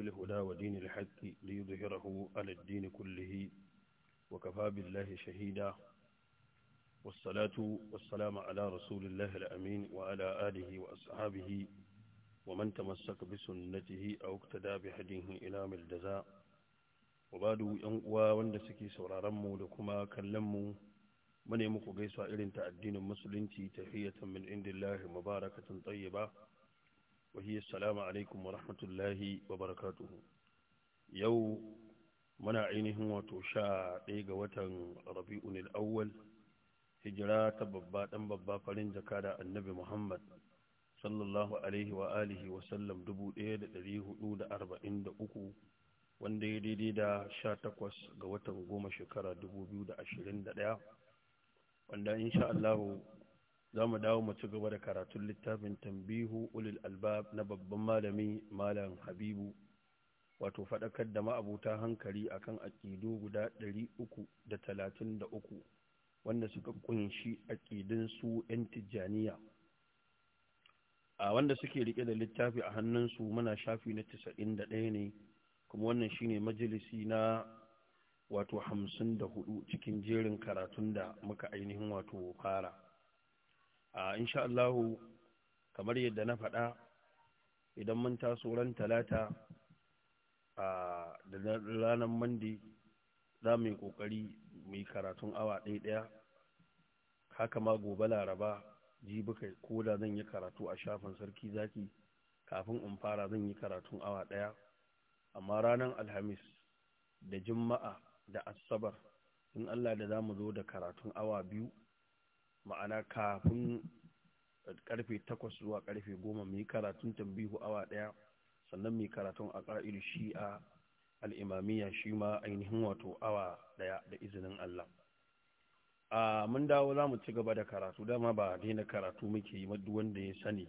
الهدى ودين الحق ليظهره على الدين كله وكفى بالله شهيدا والصلاة والسلام على رسول الله الأمين وعلى آله وأصحابه ومن تمسك بسنته أو اقتدى بهديه إلى ملدزا وبعد ينقوى واندسكي سورارمو لكما كلمو من يمكو بيسوا إلين تأدين المسلمين تحية من عند الله مباركة طيبة وهي السلام عليكم ورحمة الله وبركاته يو منا عينهم وتشاء ديغا وتن ربيع الأول هجرة ببا دم ببا فلن زكاة النبي محمد صلى الله عليه وآله وسلم دبو إيد دريه دود أربعين دقو wanda ya daidai da sha takwas ga watan goma shekara dubu biyu da da ashirin ɗaya, wanda insha Allahu za mu dawo mu ci gaba da karatun littafin tambihu ulil albab na babban malami malam habibu wato faɗakar da ma'abuta hankali akan aƙidu guda 333 wanda suka ƙunshi aƙidun su 'yan tijjaniya a wanda suke riƙe da littafi a hannunsu muna shafi na ɗaya ne kuma wannan shine majalisi na wato 54 cikin jerin karatun da muka ainihin wato fara in sha Allahu kamar yadda na faɗa idan mun taso ran talata da ranar mandi za mu yi ƙoƙari mu yi karatun awa ɗaya ɗaya haka ma gobe laraba jibi kai ko da zan yi karatu a shafin sarki zaki kafin in fara zan yi karatun awa ɗaya amma ranar alhamis da juma'a da asabar in allah da za mu zo da karatun awa biyu ma'ana kafin karfe takwas zuwa karfe goma mu karatun tambihu awa ɗaya sannan mai karatun a shi shi'a al'imamiya shi ma ainihin wato awa ɗaya da izinin Allah. a mun dawo za mu ci gaba da karatu dama ba daina karatu muke yi wanda ya sani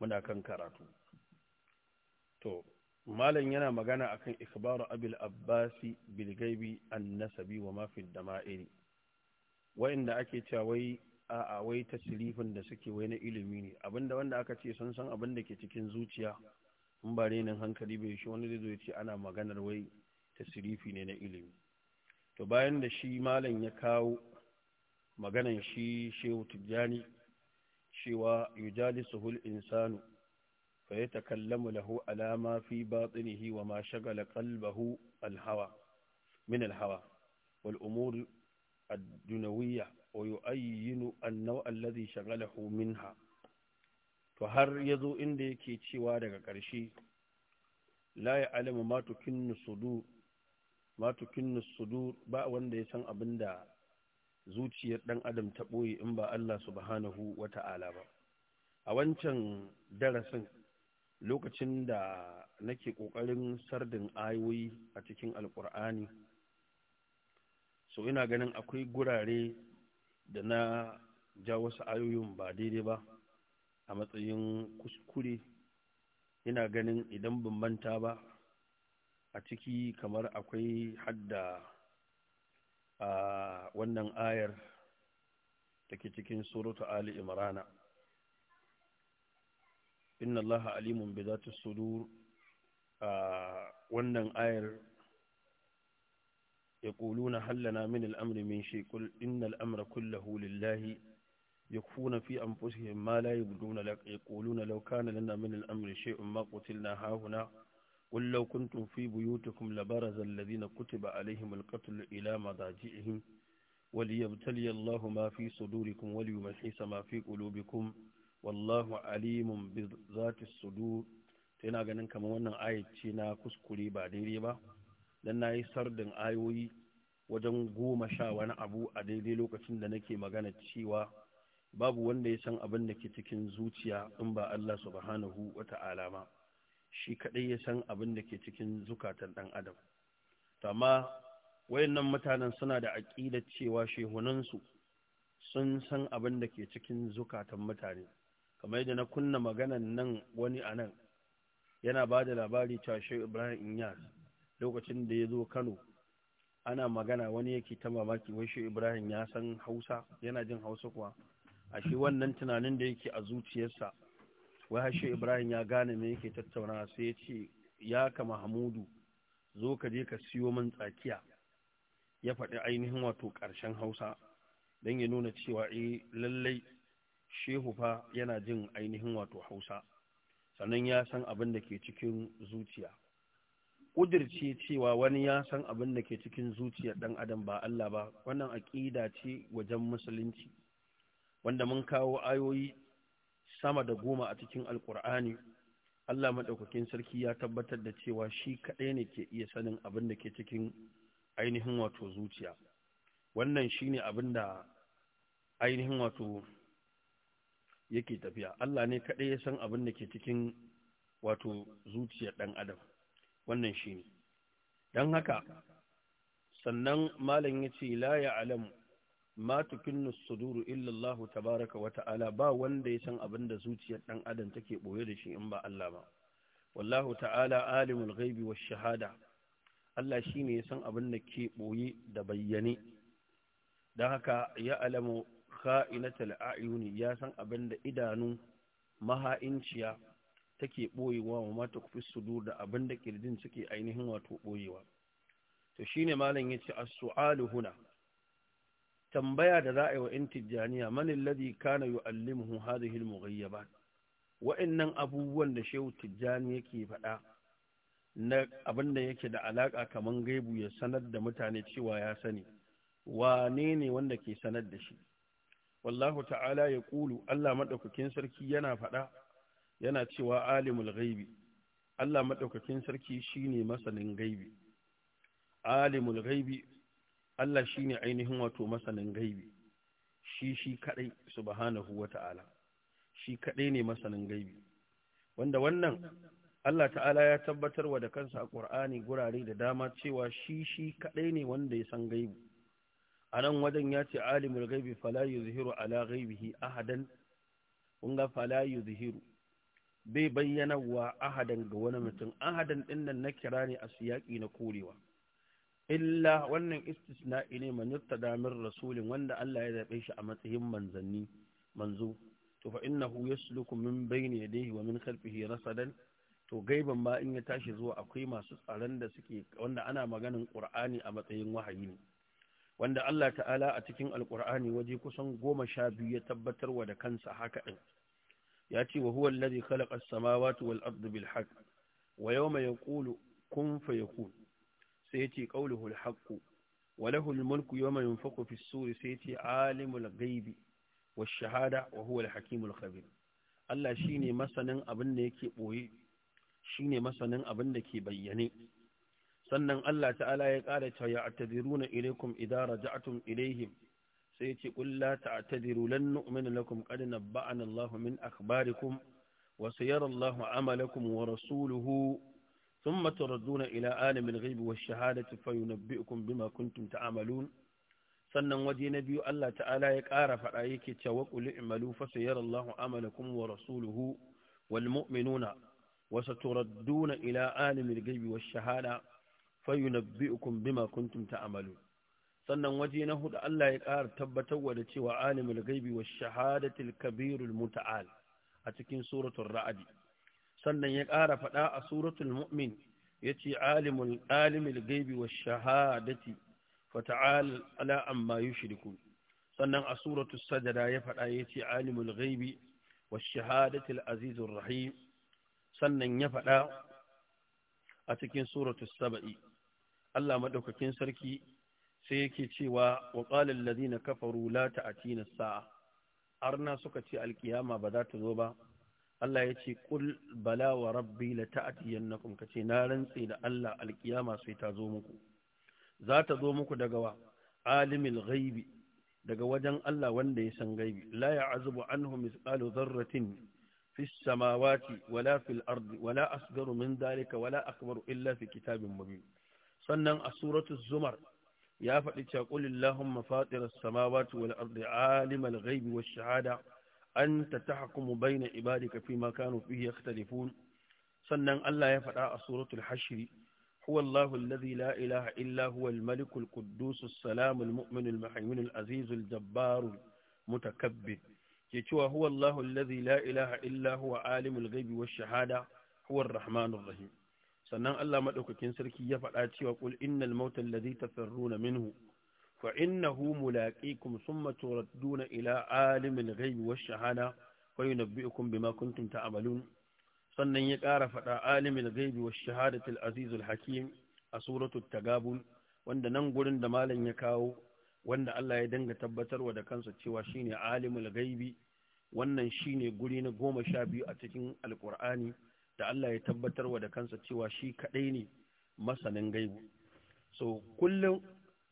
muna kan karatu to malam yana magana akan ikbaru abil abbasi bil gaibi an nasabi wa mafi dama'iri waɗanda ake cewa wai a'a wai tasirifin da suke wai na ilimi ne abinda wanda aka ce sun san abin da ke cikin zuciya in ba renin hankali bai shi wani zai ce ana maganar wai tasirifi ne na ilimi to bayan da shi malam ya kawo maganan shi shehu tijjani cewa yujalisuhul insanu fa yatakallamu lahu ala ma fi batinihi wa ma shagala qalbahu alhawa min alhawa wal umur a duniya oyo ai yi minha to har ya zo inda yake cewa daga karshe za a yi alama matuƙin nusudu ba wanda ya san abin da zuciyar dan adam ta ɓoye in ba allah subhanahu wata'ala ba. a wancan darasin lokacin da nake kokarin sardin ayoyi a cikin alƙur'ani. so ina ganin akwai gurare da na ja wasu ayoyin ba daidai ba a matsayin kuskure ina ganin idan ban manta ba a ciki kamar akwai hadda a wannan ayar ke cikin suratu ali imrana inna allaha alimun bi zati sudur a wannan ayar يقولون هل لنا من الأمر من شيء قل إن الأمر كله لله يكفون في أنفسهم ما لا يبدون لك يقولون لو كان لنا من الأمر شيء ما قتلنا هاهنا قل لو كنتم في بيوتكم لبرز الذين كتب عليهم القتل إلى مضاجئهم وليبتلي الله ما في صدوركم وليمحيس ما في قلوبكم والله عليم بذات الصدور تنا ganin kamar wannan ayat ce na kuskure ba daidai ba dan na yi sardin ayoyi wajen goma sha wani abu a daidai lokacin da nake magana cewa babu wanda ya san abin da ke cikin zuciya in ba Allah subhanahu wa ta'ala ma shi kaɗai ya san abin da ke cikin zukatan ɗan adam amma wayannan mutanen suna da aƙidar cewa shehunansu sun san abin da ke cikin zukatan mutane kamar yadda na kunna maganan nan wani a nan yana ba da labari cewa ibrahim inyas lokacin da ya zo kano ana magana wani yake ta mamaki wai shi ibrahim ya san hausa yana jin hausa kuwa a shi wannan tunanin da yake a zuciyarsa wai shi ibrahim ya gane me yake tattauna sai ya ce ya ka mahamudu zo ka je ka siyo min tsakiya ya faɗi ainihin wato ƙarshen hausa don ya nuna cewa eh lallai shehu fa yana jin ainihin wato hausa sannan ya san abin da ke cikin zuciya kudirce cewa wani ya san abin da ke cikin zuciyar ɗan adam ba Allah ba wannan aƙida ce wajen musulunci wanda mun kawo ayoyi sama da goma a cikin alkur'ani Allah maɗaukakin sarki ya tabbatar da cewa shi kaɗai ne ke iya sanin abin da ke cikin ainihin wato zuciya wannan shi ne abin da ainihin wato yake tafiya Allah ne kaɗai ya san abin da ke cikin wato zuciyar ɗan adam wannan shi ne don haka sannan malam ya ce la ya alamu ma tukinnu suduru illallahu tabaraka wa ta'ala ba wanda ya san abin da zuciyar dan adam take boye da shi in ba Allah ba wallahu ta'ala alimul ghaibi wash shahada Allah shine ya san abin da ke boye da bayyane dan haka ya alamu kha'inatul a'yuni ya san abin da idanu maha'inciya take ɓoyewa wa mata kufi sudur da abin da ƙirjin suke ainihin wato ɓoyewa to shine malam ya ce as-su'alu huna tambaya da za a yi wa ‘yan tijjaniya manin ladi kana yi allimuhu hadhihi al-mughayyabat wa'annan abubuwan da shehu tijjani yake faɗa na abin da yake da alaka kamar gaibu ya sanar da mutane cewa ya sani wane ne wanda ke sanar da shi wallahu ta'ala ya kulu Allah madaukakin sarki yana faɗa yana cewa alimul gaibi, Allah madaukakin sarki shine masanin gaibi alimul ghaibi Allah shine ainihin wato masanin gaibi shi shi kadai subhanahu wata'ala shi kadai ne masanin gaibi wanda wannan Allah ta'ala ya tabbatar wa da kansa a Qur'ani gurare da dama cewa shi shi kadai ne wanda ya san gaibi anan wajen ya ce alimul gaibi fala yuzhiru ala ghaibihi ahadan kun ga fala yuzhiru bai bayyanawa ahadan ga wani mutum ahadan din nan na kira ne a siyaki na korewa illa wannan istisna'i ne man damar rasulin wanda Allah ya zabe shi a matsayin manzanni manzo to fa innahu yasluku min bayni yadayhi wa min khalfihi rasadan to gaiban ma in ya tashi zuwa akwai masu tsaron da suke wanda ana maganin qur'ani a matsayin wahayi ne wanda Allah ta'ala a cikin alqur'ani waje kusan goma sha biyu ya tabbatarwa da kansa haka din ya ce wa huwa alladhi khalaqa as-samawati wal arda bil haqq wa yawma yaqulu kun fayakun sai yace qawluhu al wa lahu al mulku yawma fi suri sai yace alimul ghaibi shahada wa huwa hakimul khabir Allah ne masanin abin da yake boye shine masanin abin da ke bayyane sannan Allah ta'ala ya ƙara ta ya atadiruna ilaikum idara raja'tum ilayhim sai ce kulla ta'tadiru lan nu'minu lakum qad nabba'ana Allahu min akhbarikum wa sayara Allahu amalakum wa rasuluhu ثم تردون إلى عالم الغيب والشهادة فينبئكم بما كنتم تعملون sannan waje na biyu Allah ta'ala ya ƙara faɗa yake cewa qul i'malu fa sayarallahu amalakum wa rasuluhu wal mu'minuna wa saturadduna ila alimil ghaibi wash shahada fayunabbi'ukum bima kuntum ta'malun sannan waje na hudu Allah ya ƙara tabbatarwa da cewa alimul gaibi wa shahadatul kabirul muta'al a cikin suratul ra'adi sannan ya ƙara faɗa a suratul mu'min yace alimul alimul gaibi wa shahadati fata'al ala amma yushrikun sannan a suratul sajada ya faɗa yace alimul gaibi wa shahadatul azizur rahim sannan ya faɗa a cikin suratul saba'i Allah madaukakin sarki sai yake cewa wa qala allazina kafaru la ta'tina sa'a arna suka ce alkiyama ba za ta zo ba Allah ya ce kul bala wa rabbi la ta'tiyannakum kace na rantse da Allah alkiyama sai ta zo muku za ta zo muku daga wa alimil gaibi. daga wajen Allah wanda ya san gaibi la ya'zubu anhu mithqalu zarratin fi samawati wala fil ardi wala asgaru min dhalika wala akbaru illa fi kitabin mubin sannan a suratul zumar ya faɗi cakulin lahun mafaɗirar samawa tuwal arzai alimar gaibi wa shahada an ta ta hakumu ibadi kafi makanu fi ya ta sannan Allah ya faɗa a suratul hashiri huwa lahun lazi la'ilaha illa huwa malikul kudusu salamun mu'minul mahaiminul azizul dabbaru mutakabbi ke cewa huwa lahun lazi la'ilaha illa huwa alimul gaibi wa shahada huwa rahmanul rahim sannan Allah maɗaukakin sarki ya faɗa cewa qul innal mauta allazi na minhu fa innahu mulaqikum thumma turadduna ila alimil gaibi wash shahada fa yunabbi'ukum bima ta ta'malun sannan ya ƙara faɗa alimil wa shahada shahadatil azizul hakim a suratul tagabun wanda nan gurin da malam ya kawo wanda Allah ya danga tabbatarwa da kansa cewa shine alimul gaibi wannan shine guri na goma sha biyu a cikin alkur'ani da Allah ya tabbatar wa da kansa cewa shi kaɗai ne masanin gaibu so kullum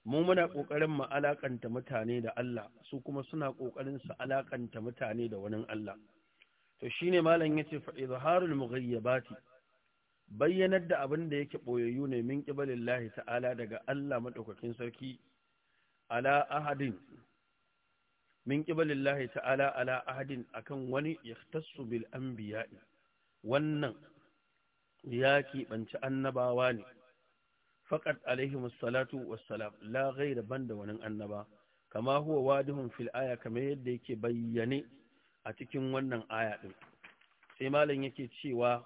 mu muna ƙoƙarin mu alaƙanta mutane da Allah su kuma suna ƙoƙarin su alakanta mutane da wani Allah to shi ne malam ya yace fa ba mughayyibati bayyanar da abin da yake ɓoyayyu ne min lahi ta'ala daga Allah maɗaukakin sarki ala ahadin min lahi ta'ala ala ahadin akan wani yahtassu bil anbiya'i wannan ya keɓanci annabawa ne Fakat alaihimus salatu wassalam la gaira banda wani annaba kama huwa wadihun fil aya kamar yadda yake bayyane a cikin wannan aya ɗin sai malam yake cewa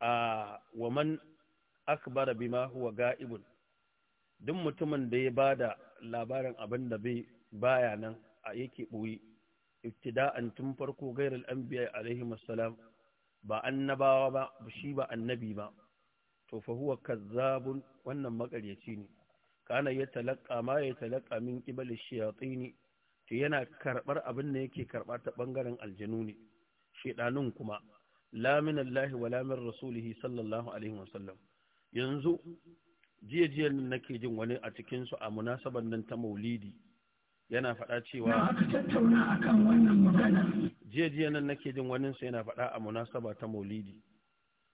a waman akbara bima huwa ga'ibun duk mutumin da ya bada labarin abin da bai baya nan a yake ɓoye ibtida'an tun farko gairar anbiya alaihi salam ba annabawa ba shi ba annabi ba to fa huwa kazzabun wannan makaryaci ne kana ya talaka ma ya talaka min qibal shayatin to yana karbar abin da yake karba ta bangaren aljanu ne shedanun kuma la min Allah wa la min sallallahu alaihi wasallam yanzu jiya jiya nake jin wani a cikin su a munasabar nan ta maulidi yana faɗa cewa jiya jiya nan nake jin wani sa yana faɗa a munasaba ta maulidi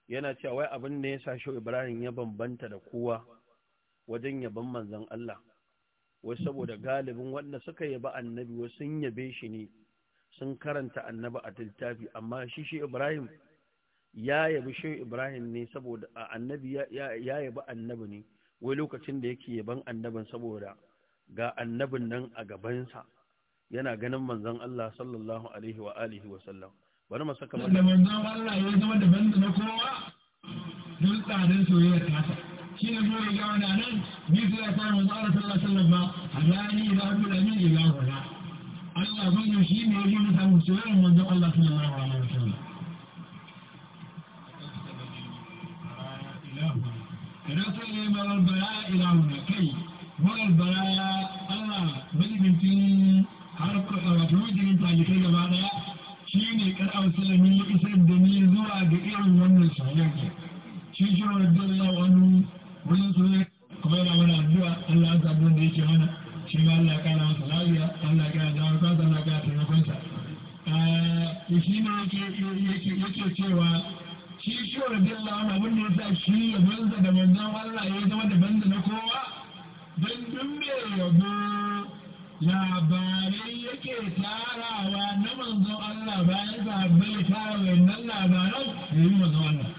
yana cewa wai abin da ya sa shi Ibrahim ya bambanta da kowa wajen yaban manzon Allah wai saboda galibin wanda suka yaba annabi wai sun yabe shi ne sun karanta annabi a littafi amma shi shi Ibrahim ya yabi shi Ibrahim ne saboda annabi ya yabi annabi ne wai lokacin da yake yaban annabin saboda ga annabin nan a gabansa yana ganin manzon Allah sallallahu alaihi wa alihi wa sallam bari mu saka mata manzon Allah ya zama da banda na kowa dun tsarin soyayya ta ta shi ne gore ga wani nan bi su ya fara manzon Allah sallallahu alaihi wa sallam ba alani da abul amin ila wala Allah ban yi shi ne yi masa soyayya manzon Allah sallallahu alaihi wa sallam ya yi البلاء إلى هنا كيف wa'ar baya ana majibincin harkar wato eh, talibai gaba daya shi ne kar'ar salami ya da ni zuwa ga irin wannan shayar ke shi shi wa dalla wani wani soyayya kuma yana mana addu'a Allah ya zabi wanda yake mana shi ma Allah ya masa lafiya Allah ya da wani kasa Allah ya taimakon sa eh, shi ne yake yake cewa shi shi wa dalla wani abin da ya sa shi ya banza da manzon Allah ya zama da banza na kowa don tun rabo labarai yake tarawa na manzon Allah bayan zaɓe tara nan labaran da yi manzon Allah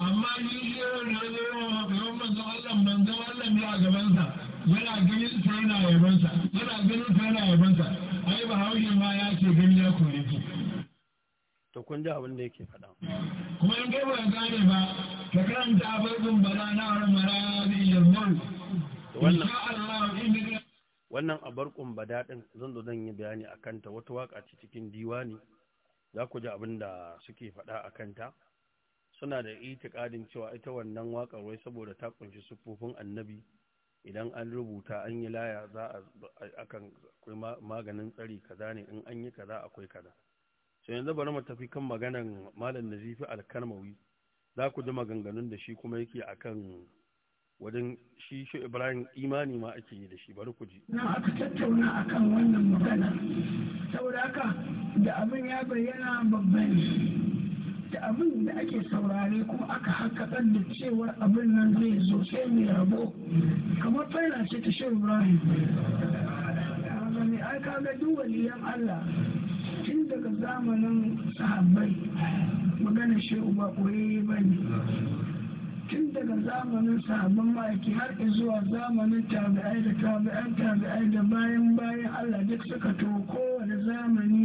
amma ni shi yau da ya zo wa gaban manzon Allah manzon Allah ne a gabansa yana ganin sa yana yabansa yana ganin sa yana yabansa ai ba haushe ma ya ce gani ya kore ki to kun ji abin da yake faɗa kuma in kai ba gane ba ka karanta farkon bana na har mara zai yarmau wannan a abar kumbada daɗin zan zo zan yi bayani a kanta wata waka ce cikin diwani za ku ji abin da suke faɗa a kanta suna da itikadin cewa ita wannan waƙa wai saboda ta ƙunshi siffofin annabi idan an rubuta an yi laya za a akan akwai maganin tsari kaza ne in an yi kaza akwai kaza sai yanzu bari mu tafi kan maganan malam nazifi alkarmawi za ku ji maganganun da shi kuma yake akan wajen shi shi ibrahim imani ma ake yi da shi bari ku ji na aka tattauna akan wannan magana saboda haka da abin ya bayyana babban da abin da ake saurare kuma aka hakatar da cewa abin nan zai zo sai mai rabo kamar Faina ce ta shi ibrahim ai ka ga duk waliyan allah tun daga zamanin sahabbai magana shi uba koyi ba tun daga zamanin sabon maki har zuwa zamanin tabi'ai da tabi'an tabi'ai da bayan bayan Allah duk suka to kowane zamani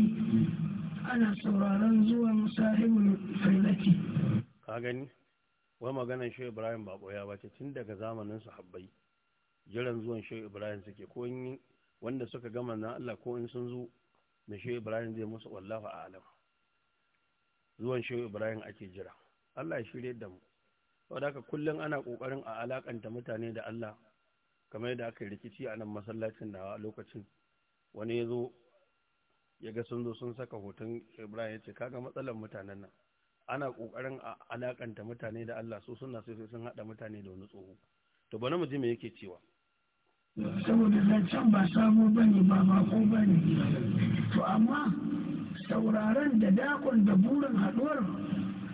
ana sauraron zuwan sahibul failaki ka gani wai maganin shehu ibrahim ba ya ba ce tun daga zamanin sahabbai jiran zuwan shehu ibrahim suke ko in wanda suka gama na Allah ko in sun zo da shehu ibrahim zai musu wallafa a alam zuwan shehu ibrahim ake jira Allah ya shirye da mu wadaka kullum ana kokarin a alakanta mutane da Allah kamar yadda aka yi rikici a nan masallacin da lokacin wani ya zo ya ga sun zo sun saka hoton ibrahim ya ce kaga matsalar mutanen nan ana ƙoƙarin a alakanta mutane da Allah so suna sai sun hada mutane da wani tsoho to bana mu ji me yake cewa saboda zancen ba sabo bane ba ko bane to amma sauraron da dakon da burin haɗuwar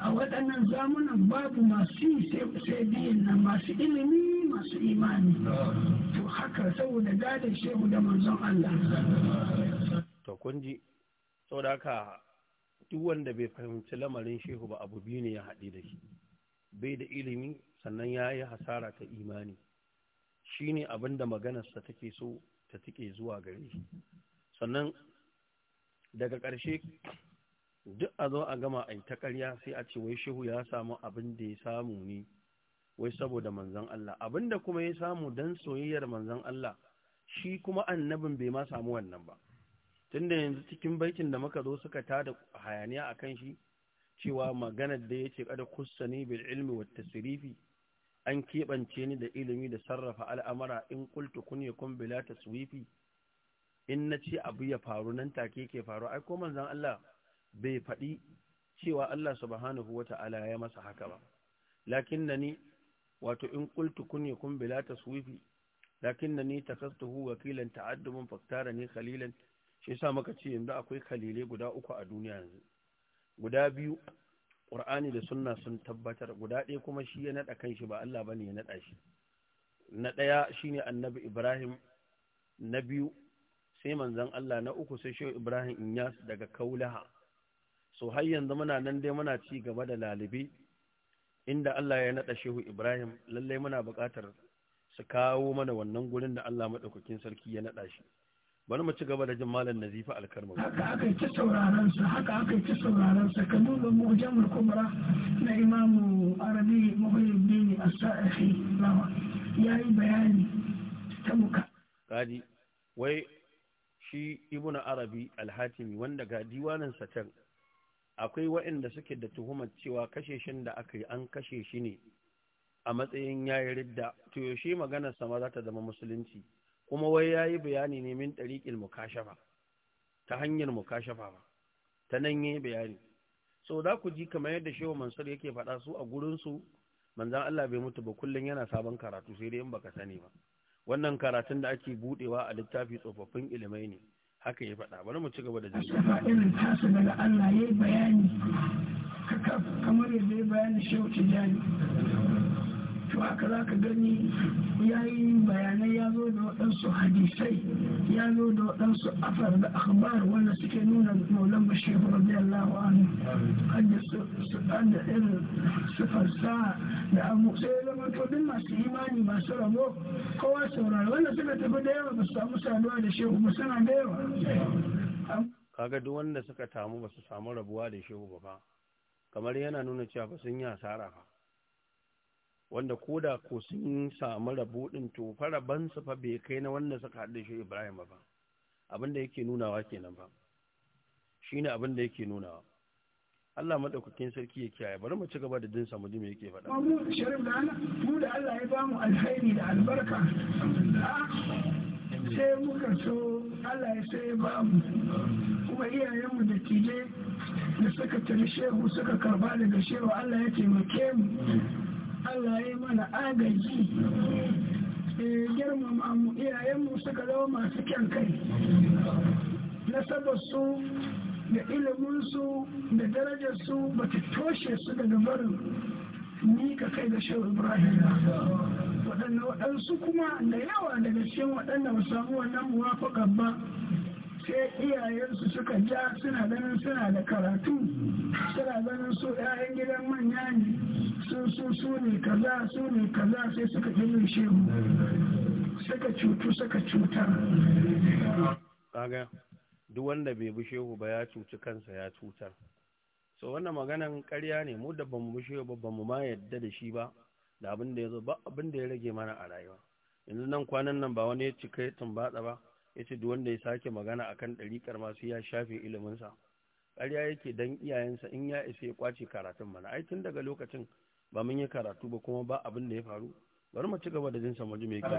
a waɗannan zamunan babu masu yi sai biyan nan masu ilimi masu imani to haka saboda gadon shehu da manzon Allah to kun ji saboda haka duk wanda bai fahimci lamarin shehu ba abu biyu ne ya haɗe da shi bai da ilimi sannan ya yi hasara ta imani shi ne abin da maganarsa take so ta tike zuwa gare shi sannan daga ƙarshe duk a zo a gama a yi ta ƙarya sai a ce wai shehu ya samu abin da ya samu ne wai saboda manzan Allah abin da kuma ya samu don soyayyar manzan Allah shi kuma annabin bai ma samu wannan ba tunda yanzu cikin baitin da muka zo suka tada hayaniya a kan shi cewa maganar da ya ce kada kussani bil ilmi wat tasrifi an keɓance ni da ilimi da sarrafa al'amara in kultu kun yakun bila taswifi in nace abu ya faru nan take ke faru ai ko manzon Allah bai faɗi cewa Allah subhanahu wa ta'ala ya masa haka ba lakinnani wato in qultu kun yakun bila taswifi lakinnani takastuhu wakilan ta'addumun ne, khalilan shi yasa muka ce yanzu akwai khalile guda uku a duniya yanzu guda biyu Qur'ani da sunna sun tabbatar guda ɗaya kuma shi ya naɗa kanshi ba Allah bane ya naɗa shi na ɗaya shine annabi Ibrahim na biyu sai manzon Allah na uku sai shehu Ibrahim Inyas daga Kaulaha so har yanzu muna nan dai muna ci gaba da lalibi inda Allah ya naɗa shehu Ibrahim lallai muna buƙatar su kawo mana wannan gurin da Allah maɗaukakin sarki ya naɗa shi bari mu ci gaba da jin malam nazifa alkarma haka aka ci sauraron sa haka aka ci sauraron sa kan nuna mujamul kubra na imamu arabi muhyiddin as-sa'ihi yayi bayani ta muka gadi wai shi ibnu arabi al-hatimi wanda ga diwanan sa can akwai waɗanda suke da tuhumar cewa kashe shin da aka yi an kashe shi ne a matsayin yayi ridda to yaushe maganar sama za ta zama musulunci kuma wai yayi bayani ne min tariqil mukashafa ta hanyar mukashafa ba ta nan yayi bayani so da ku ji kamar yadda shehu mansur yake faɗa su a gurin su manzon Allah bai mutu ba kullum yana sabon karatu sai dai in baka sani ba wannan karatun da ake buɗewa a littafi tsofaffin ilimai ne haka ya faɗa bari mu ci gaba da jin irin tasu daga Allah yi bayani kamar yadda ya bayani shehu tijani to aka za ka gani ya yi bayanai ya zo da waɗansu hadisai ya zo da waɗansu afar da akhbar wanda suke nuna maulan bashir radiyallahu anhu hadda irin sifarsa da abu sai zama to duk masu imani masu rabo kowa saurari wanda suka tafi da yawa ba su samu saduwa da shehu ba suna da yawa kaga duk wanda suka tamu ba su samu rabuwa da shehu ba kamar yana nuna cewa ba sun yi asara ba wanda koda ko sun samu rabo din to faraban su fa bai kai na wanda suka haɗu shi Ibrahim ba abin da yake nunawa kenan ba shine abin da yake nunawa Allah madaukakin sarki ya kiyaye bari mu ci gaba da dinsa mu ji me yake faɗa mu sharif da mu da Allah ya bamu alheri da albarka sai muka so Allah ya sai bamu kuma iyayenmu da tije da suka tare shehu suka karba daga shehu Allah ya taimake mu Allah ya mana agaji eh, girmama mu iyayenmu suka zama masu kyan kai su, da iliminsu da darajarsu ba ta toshe su daga barin mika kai da shehu ibrahim waɗanda waɗansu kuma da yawa daga cikin waɗanda ba samu wannan muwafaƙa ba sai iyayensu suka ja suna ganin suna da karatu suna ganin su 'ya'yan gidan manya ne sun su su ne kaza su ne kaza sai suka ilimin shehu suka cutu suka cutar kaga duk wanda bai bi shehu ba ya cuci kansa ya cutar so wannan maganan ƙarya ne mu da bamu bi shehu ba bamu ma yadda da shi ba da abin da ya zo ba abin da ya rage mana a rayuwa yanzu nan kwanan nan ba wani ya cika ya tumbatsa ba ya ce duk wanda ya sake magana akan ɗariƙar masu ya shafe iliminsa ƙarya yake don iyayensa in ya isa ya kwace karatun mana ai tun daga lokacin ba mun yi karatu ba kuma ba abin da ya faru bari mu ci gaba da jin samu mai kyau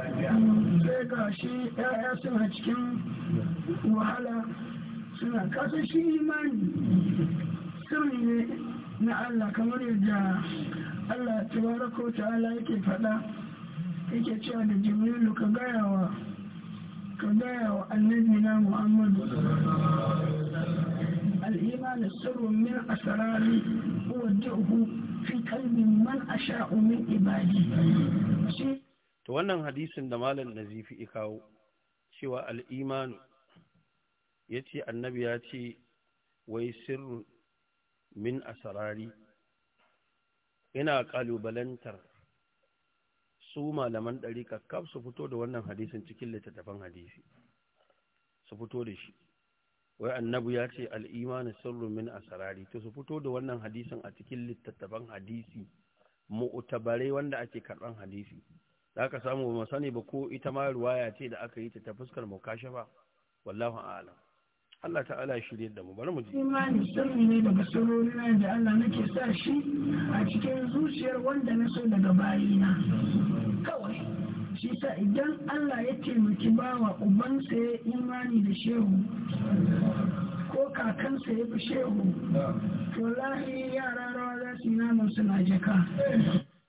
sai ga shi ƴaƴa suna cikin wahala suna kasa shi imani sirri ne na Allah kamar yadda Allah tabaraka wa ta'ala yake faɗa yake cewa da Jibrilu ka gayawa ka gaya wa annabi na muhammadu الإيمان السر من أسراري أودعه في قلب من أشاء من عبادي to wannan hadisin da malam nazifi kawo cewa al'imanu ya ce annabi ya ce wai sirru min asarari yana ƙalubalantar su malaman ɗarika kaf su fito da wannan hadisin cikin littattafan hadisi su fito da shi wai annabu ya ce al'imani sirrun min asarari to su fito da wannan hadisin a cikin littattafan hadisi mu'tabarai wanda ake karɓan hadisi za ka samu ba sani ba ko ita ma ruwaya ce da aka yi ta ta fuskar mukashafa wallahu a'lam Allah ta'ala ya shirye da mu bari mu ji imani sirri ne daga surorina da Allah nake sa shi a cikin zuciyar wanda na so daga bayina kawai shi sa idan Allah ya taimaki bawa ubansa ya imani da shehu ko kakansa ya fi shehu to lahi yara rawa za su yi namun suna jaka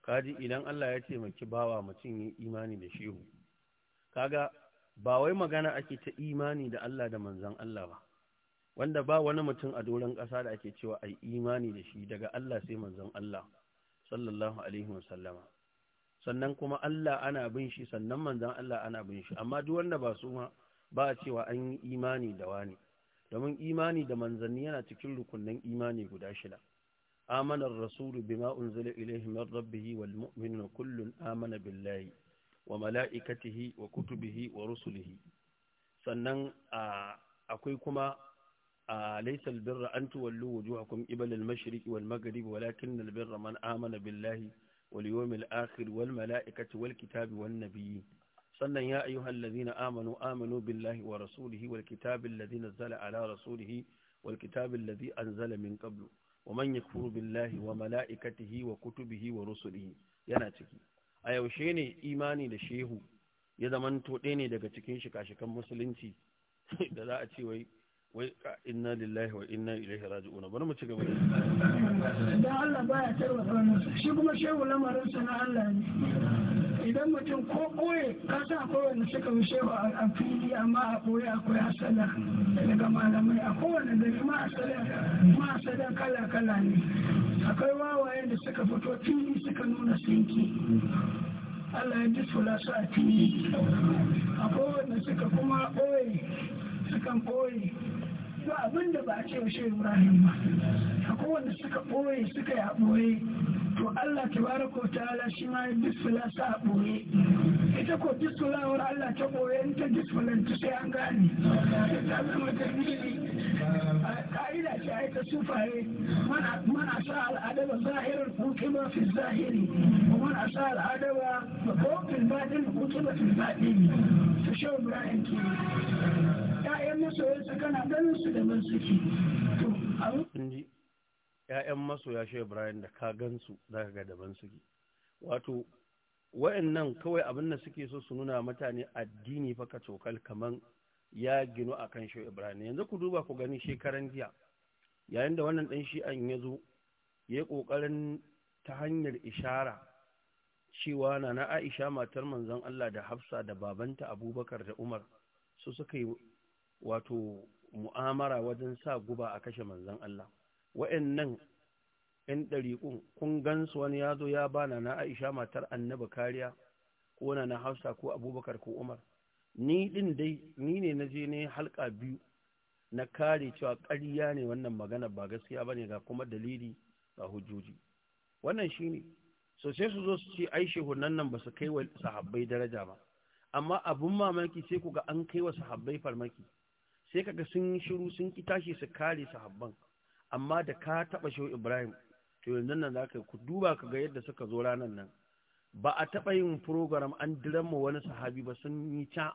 kaji idan Allah ya taimaki bawa mutum ya imani da shehu kaga ba wai magana ake ta imani da Allah da manzan Allah ba wanda ba wani mutum a doron ƙasa da ake cewa ai imani da shi daga Allah sai manzan Allah sallallahu alaihi wasallama sannan kuma Allah ana bin shi sannan manzan Allah ana bin shi amma duk wanda ba su ma ba a cewa an yi imani da wani domin imani da manzanni yana cikin rukunnan imani guda shida آمن الرسول بما أنزل إليه من ربه والمؤمن كل آمن بالله wa mala'ikatihi wa kutubihi wa rusulihi sannan akwai kuma laysa birra an tuwallu wujuhakum qibala al-mashriqi wal maghribi walakin birra man amana billahi wal yawmil akhir wal mala'ikati wal kitabi wan nabiyyi sannan ya ayyuhal ladhina amanu amanu billahi wa rasulihi wal kitabi alladhi nazzala ala rasulihi wal kitabi an zala min qablu wa يكفر بالله وملائكته وكتبه ورسله yana ciki a yaushe ne imani da shehu ya zama ɗaya ne daga cikin shika-shikan musulunci da za a ce wai inna lillahi wa inna ilaihi raji'un bari mu ci gaba da Allah baya tarwa shi kuma shehu lamarin sa na Allah ne idan mutum ko ɓoye ka sa kowane suka wuce a fili amma a ɓoye akwai hasada daga malamai a kowane gari ma hasada kala kala ne akwai wawaye da suka fito fili suka nuna sinki Allah ya ji su a fili a kowanne suka kuma ɓoye sukan ɓoye ba abin da ba a ce wa shehu Ibrahim ba a kowanne suka ɓoye suka yi a ɓoye to Allah tabaraka wa ta'ala shi ma ya disfila sa a ɓoye ita ko disfilawar Allah ta ɓoye in ta disfilanta sai an gane ta zama dalili ka'ida ce ai ta sufaye mana sa al'adaba zahirar hukuma fi zahiri kuma na sa al'adaba babban batin hukuma fi batini ta shi Ibrahim ke ya'yan masoyansa kana ganin su da man suke to ‘ya'yan ya shi Ibrahim da ka gansu za ka ga daban suke. Wato, wa'yannan kawai abin da suke so su nuna mutane addini fa ka cokal kaman ya ginu a kan shi Ibrahim. Yanzu ku duba ku gani shekaran jiya, yayin da wannan ɗan shi'an ya zo, ya yi ƙoƙarin ta hanyar ishara cewa na na Aisha matar manzon Allah da Hafsa da babanta Abubakar da Umar su suka yi wato mu'amara wajen sa guba a kashe manzon Allah. wa'annan ‘yan ɗariƙun kun gansu wani ya zo ya ba na Aisha matar annabi kariya ko na na Hausa ko Abubakar ko Umar. Ni ɗin dai, ni ne na je ne halka biyu na kare cewa ƙarya ne wannan magana ba gaskiya ba ne ga kuma dalili ga hujjoji. Wannan shi ne, so sai su zo su ce ai shehunan nan ba su kai wa sahabbai daraja ba. Amma abun mamaki sai ku ga an kai wa sahabbai farmaki, sai kaga sun yi shiru sun ki tashi su kare sahabban. amma da ka taɓa shehu ibrahim to yanzu nan za ka ku duba ka ga yadda suka zo ranar nan ba a taɓa yin program an diranmu wani sahabi ba sun yi ca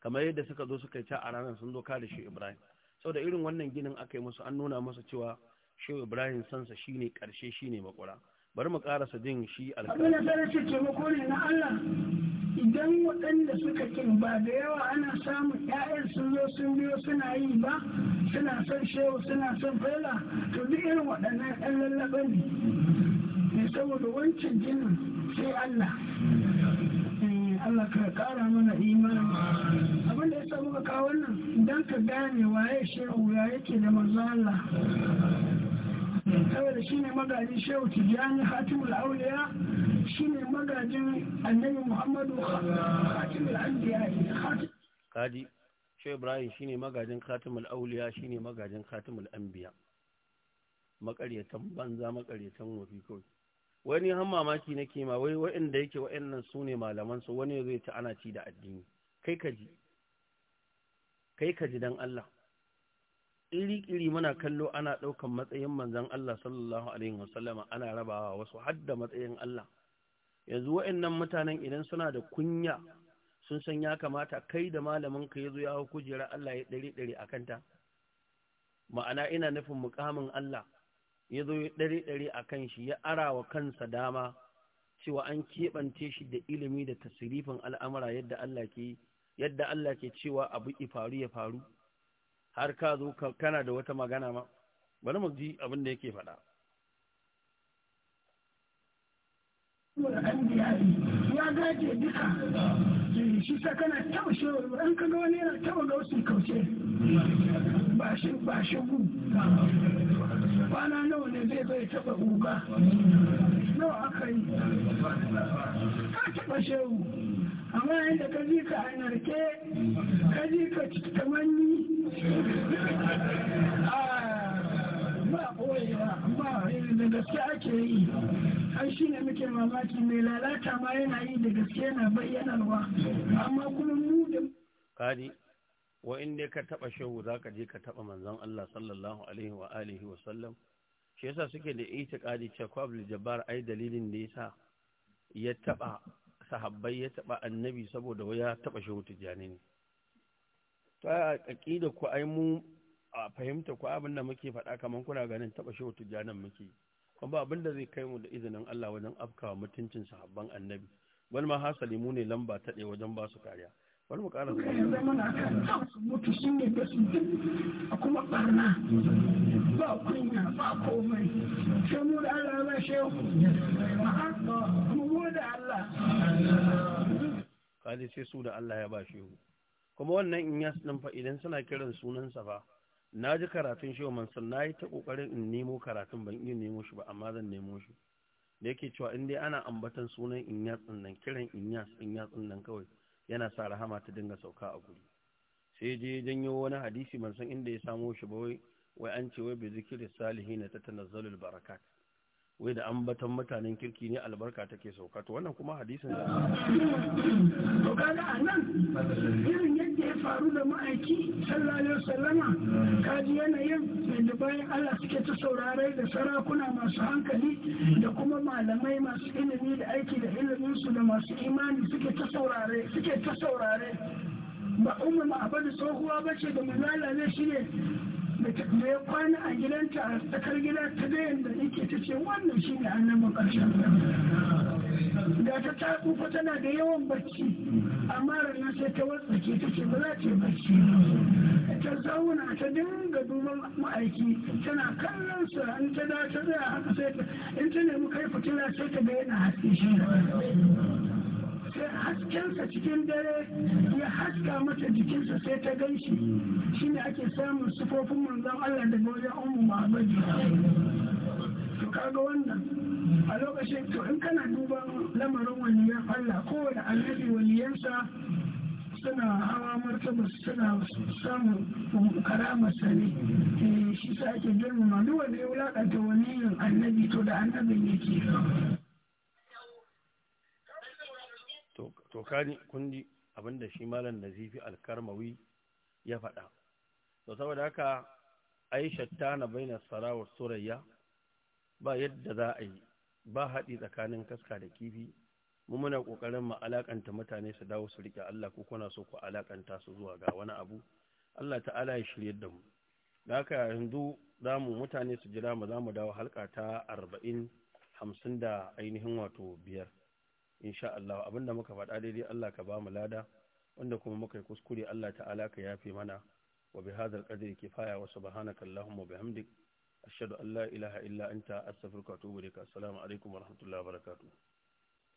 kamar yadda suka zo suka yi ca a ranar sun zo kada shehu ibrahim saboda irin wannan ginin aka yi musu an nuna masa cewa shehu ibrahim sansa ƙarshe karshe ne makura bari mu karasa jin shi alƙalami. Abin da na Allah idan waɗanda suka kin ba da yawa ana samun 'ya'yan sun zo sun biyo suna yi ba suna son shehu suna son fela to duk irin waɗannan 'yan lallaɓa ne ne eh, saboda wancan jinin sai Allah eh, Allah ka kara mana imanin. abin da ya samu ka kawo wannan idan ka gane waye shehu ya yake da manzo Allah saboda shine magani shehu tijani hatimul auliya muhammadu khatimul anbiya shi ibrahim shine magajin khatimul auliya shine magajin khatimul anbiya makaryatan banza makaryatan wafi kawai wani han mamaki nake ma wai waɗanda yake waɗannan su ne malaman su wani zai ci ana ci da addini kai ka ji kai kaji dan Allah iri-iri muna kallo ana ɗaukan matsayin manzon Allah sallallahu alaihi wasallama ana rabawa wasu hadda matsayin Allah yanzu wa'annan mutanen idan suna da kunya sun san ya kamata kai da malamin ka yazo ya hau Allah ya dare dare akan ta ma'ana ina nufin mukamin Allah ya zo ya dare dare akan shi ya ara wa kansa dama cewa an keɓance shi da ilimi da tasirifin al'amura yadda Allah ke yadda Allah ke cewa abu ifaru ya faru har ka zo kana da wata magana ma bari mu ji abin da yake faɗa ya gaje duka shi sa kana taba shi ka ga wani yana taba ga wasu kauce ba shi ba shi gu kwana nawa ne zai zai taba guga nawa aka yi ka taba shehu amma yadda ka ji ka hanyar ke ka ji ka cikin tamanni ah, da gaske ake yi an shi ne mamaki mai lalata ma yana yi da gaske yana bayyanarwa kadi wa in dai ka taba shehu zaka je ka taba manzon Allah sallallahu alaihi wa alihi wa sallam shi yasa suke da itiqadi cewa qabl jabbar ai dalilin da yasa ya taba sahabbai ya taba annabi saboda ya taba shehu tijani ne ta da ku ai mu a fahimta ko abin da muke faɗa kamar kuna ganin taɓa shi wata janan muke kuma abin da zai kai mu da izinin Allah wajen afkawa mutuncin sahabban annabi wani ma hasali mu ne lamba ta ɗaya wajen ba su kariya wal mu ƙara su mutu shi ne da su a kuma ɓarna ba kunya ba komai sai mu da Allah ya shehu mu da Allah kaji sai su da Allah ya ba shehu kuma wannan in ya ɗin fa idan suna kiran sunansa ba. na ji karatun shi mansur na yi ta ƙoƙarin in nemo karatun ban iya nemo shi ba amma zan nemo shi da yake cewa in dai ana ambatan sunan in ya nan kiran in ya tsinnan kawai yana sa rahama ta dinga sauka a guri sai je janyo wani hadisi ban san inda ya samo shi ba wai wai an ce wai bi zikiri salihina ta tanazzalul barakat wai da ambatan mutanen kirki ne albarka take sauka to wannan kuma hadisin da to anan irin yadda ya faru da ma'aiki sallama ka ji yanayin da bayan Allah suke ta saurare da sarakuna masu hankali da kuma malamai masu ilimi da aiki da iliminsu da masu imani suke ta saurare suke ta saurare ba umma ma tsohuwa bace da mulala ne shine da ya kwana a gidanta a tsakar gida ta ga yadda yake ta ce wannan shi ne annabin ƙarshen da ta ta kufa tana da yawan barci amma ranar sai ta watsake ta ce ba za ta yi bacci ta zauna ta dinga duban ma'aiki tana kallon sa in ta da ta tsaya ta in ta nemi kai fitila sai ta ga yana haske shi sai haskensa cikin dare ya haska mata jikinsa sai ta gan shi shine ake samun sufofin manzan Allah daga wajen umu Muhammad to kaga wannan a lokacin to in kana duban lamarin waliyan Allah kowane annabi waliyansa suna hawa martaba suna samun karamarsa sani. Eh, shi sa ake girmama duk wanda ya wani yin annabi to da annabin yake to kani kundi abinda shi malam nazifi alkarmawi ya faɗa to saboda haka aisha ta na baina sarawar surayya ba yadda za a yi ba haɗi tsakanin kaska da kifi mu muna ƙoƙarin mu alakanta mutane su dawo su riƙe Allah ko kuna so ku alakanta su zuwa ga wani abu Allah ta'ala ya shirye da mu da haka yanzu za mu mutane su jira mu za mu dawo halka ta arba'in hamsin da ainihin wato biyar insha Allah abinda muka faɗa daidai Allah ka ba mu lada wanda kuma muka yi kuskure Allah ta'ala ka yafe mana wa bi hadzal qadri kifaya wa subhanaka allahumma bihamdik ashhadu an la ilaha illa anta astaghfiruka wa atubu ilaik assalamu alaikum wa rahmatullahi wa barakatuh